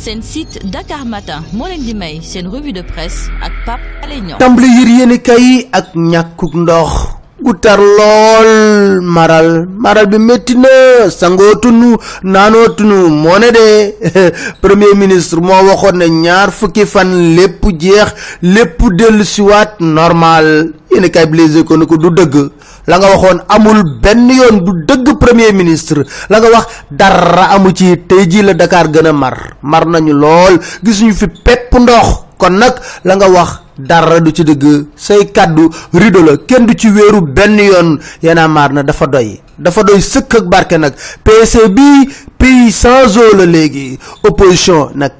seen site Dakar Matin moo leen di may seen revue de presse ak Pape Alé Niang. tàmbali yër yéenekaay yi ak ñàkkug ndox. gu tar lool maral maral bi métti na sangootunu naanootunu moo ne de premier ministre moo waxoon ne ñaar fukki fan lépp jeex lépp dellu siwaat normal yéen kay bilisé ko ne ko du dëgg la nga waxoon amul benn yoon du dëgg premier ministre la nga wax dara amu ci tey jii la dakaar gën a mar mar nañu lool gisuñu fi pepp ndox kon nag la nga wax dara du ci dëgg say kàddu rido la kenn du ci wéeru benn yoon Y'en a na dafa doy dafa doy sëkk ak barke nag PC bi pays sans eau la léegi opposition nag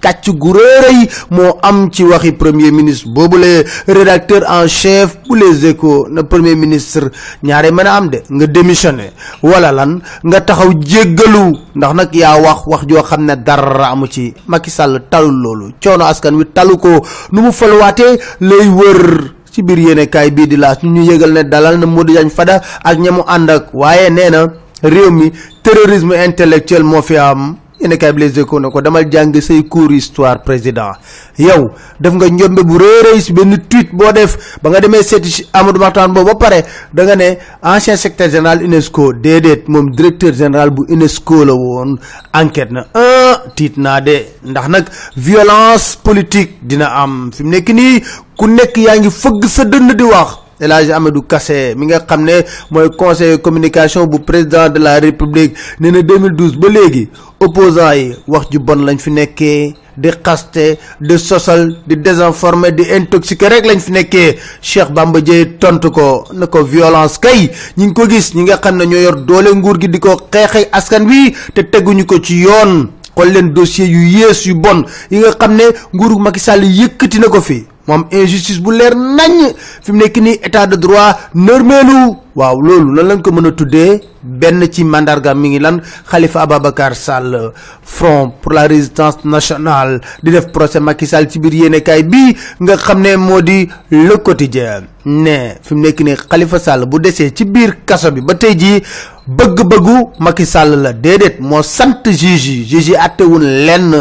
kacc gu rëy moo am ci waxi premier ministre boobu le rédacteur en chef bu les échos na premier ministre ñaare mën a am de nga démissionné wala lan nga taxaw jéggalu ndax nag yaa wax wax joo xam ne dara amu ci Macky Sall talul loolu coono askan wi talu ko nu mu faluwaatee lay wër ci biir yéenekaay bii di laas ñu yëgal ne dalal na Modou Diagne Fada ak ñamu ànd ak waaye nee na réew mi terrorisme intellectuel moo fi am yéen kay bi Les Échos na ko demal jàng say cours histoire président yow def nga njombe bu réeréy si benn tweet boo def ba nga demee seeti si Amadou Mahtar Mbow ba pare da nga ne ancien secrétaire général UNESCO déedéet moom directeur général bu UNESCO la woon enquête na un ah, tiit naa de ndax nag violence politique dina am fi mu nekk nii ku nekk yaa ngi fëgg sa dënn di wax El Hadj Amadou Kassé mi nga xam ne mooy conseil communication bu président de la république nee na 2012 ba léegi opposants yi wax ju bon lañ fi nekkee di xaste di sosal di désinformer di intoxiquer rek lañ fi nekkee Cheikh Bamba Dièye tontu ko na ko violence kay ñi ngi ko gis ñi nga xam ne ñoo yor doole nguur gi di ko xeexee askan wi te teguñu ko ci yoon xool leen dossier yu yées yu bon yi nga xam ne nguur nguuru Macky sàll yëkkati na ko fi. moom injustice bu leer naññ fi mu nekk nii état de droit nërmeelu waaw loolu lan lañ ko mën a tuddee benn ci mandarga mi ngi lan xalifa Ababacar Sall front pour la résistance nationale di def procès Macky Sall ci biir yéenekaay bi nga xam ne moo di le quotidien ne fi mu nekk nii xalifa Sall bu desee ci biir kaso bi ba tey jii bëgg-bëggu Macky Sall la déedéet moo sant juge yi juge àttewul lenn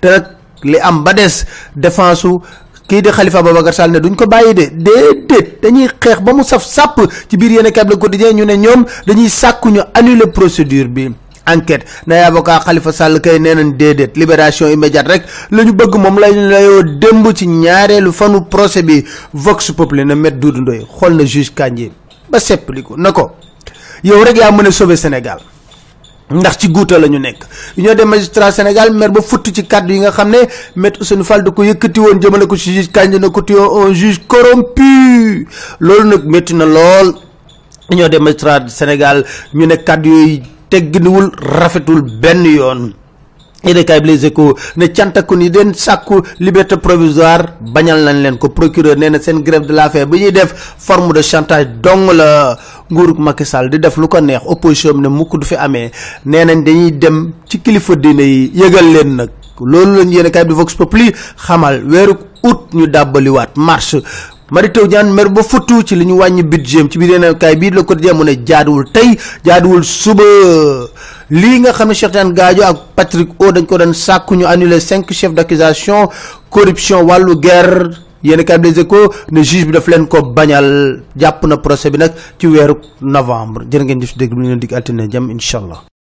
te nag li am ba des défense su kii di xalifa Ababacar Sall ne duñ ko bàyyi de déedéet dañuy xeex ba mu saf sàpp ci biir yéen a Le Quotidien ñu ne ñoom dañuy sàkku ñu annuler procédure bi. enquête nay avocat Khalifa Sall kay nee nañ déedéet libération immédiate rek lañu bëgg moom la ñu layoo démb ci ñaareelu fanu procès bi Vox Populi na met Doudou Ndoye xool na juge Kandji ba seppali ko na ko yow rek yaa mën a sauver Sénégal. ndax ci guuta la ñu nekk ñoo dem magistrats Sénégal mer ba futt ci kàddu yi nga xam ne maître Ousseynou Fall da ko yëkkati woon jëmale ko ci juge Kandji na ko un juge corrompu loolu nag métti na lool Union des magistrats Sénégal ñu ne kàddu yooyu tegginuwul rafetul benn yoon yéen kaay bi Les Échos ne cantakun yi den sàkku liberté provisoire bañal nañ leen ko procureur nee na seen grève de la faim bu ñuy def forme de chantage dong la nguurug Macky Sall di def lu ko neex opposition bi ne mukk du fi amee nee nañ dañuy dem ci kilifa diine yi yëgal leen nag loolu lañ yéen kaay bi Vox Populi xamal weeru août ñu dàbbaliwaat marche Mary Teuw Niane mer ba futtu ci li ñu wàññi budget ci biir yéen kaay bii Le ko mu ne jaaduwul tey jaaduwul suba lii nga xam ne Cheikh Tidiane Gadio ak Patrick O dañ ko doon sàkkuñu ñu annulé cinq chefs d'accusation corruption wàllu guerre yéen a Les Échos ne juge bi daf leen ko bañal jàpp na procès bi nag ci weeru novembre jërë ngeen jëf dégg bi ñu leen dig altine jàmm incha allah.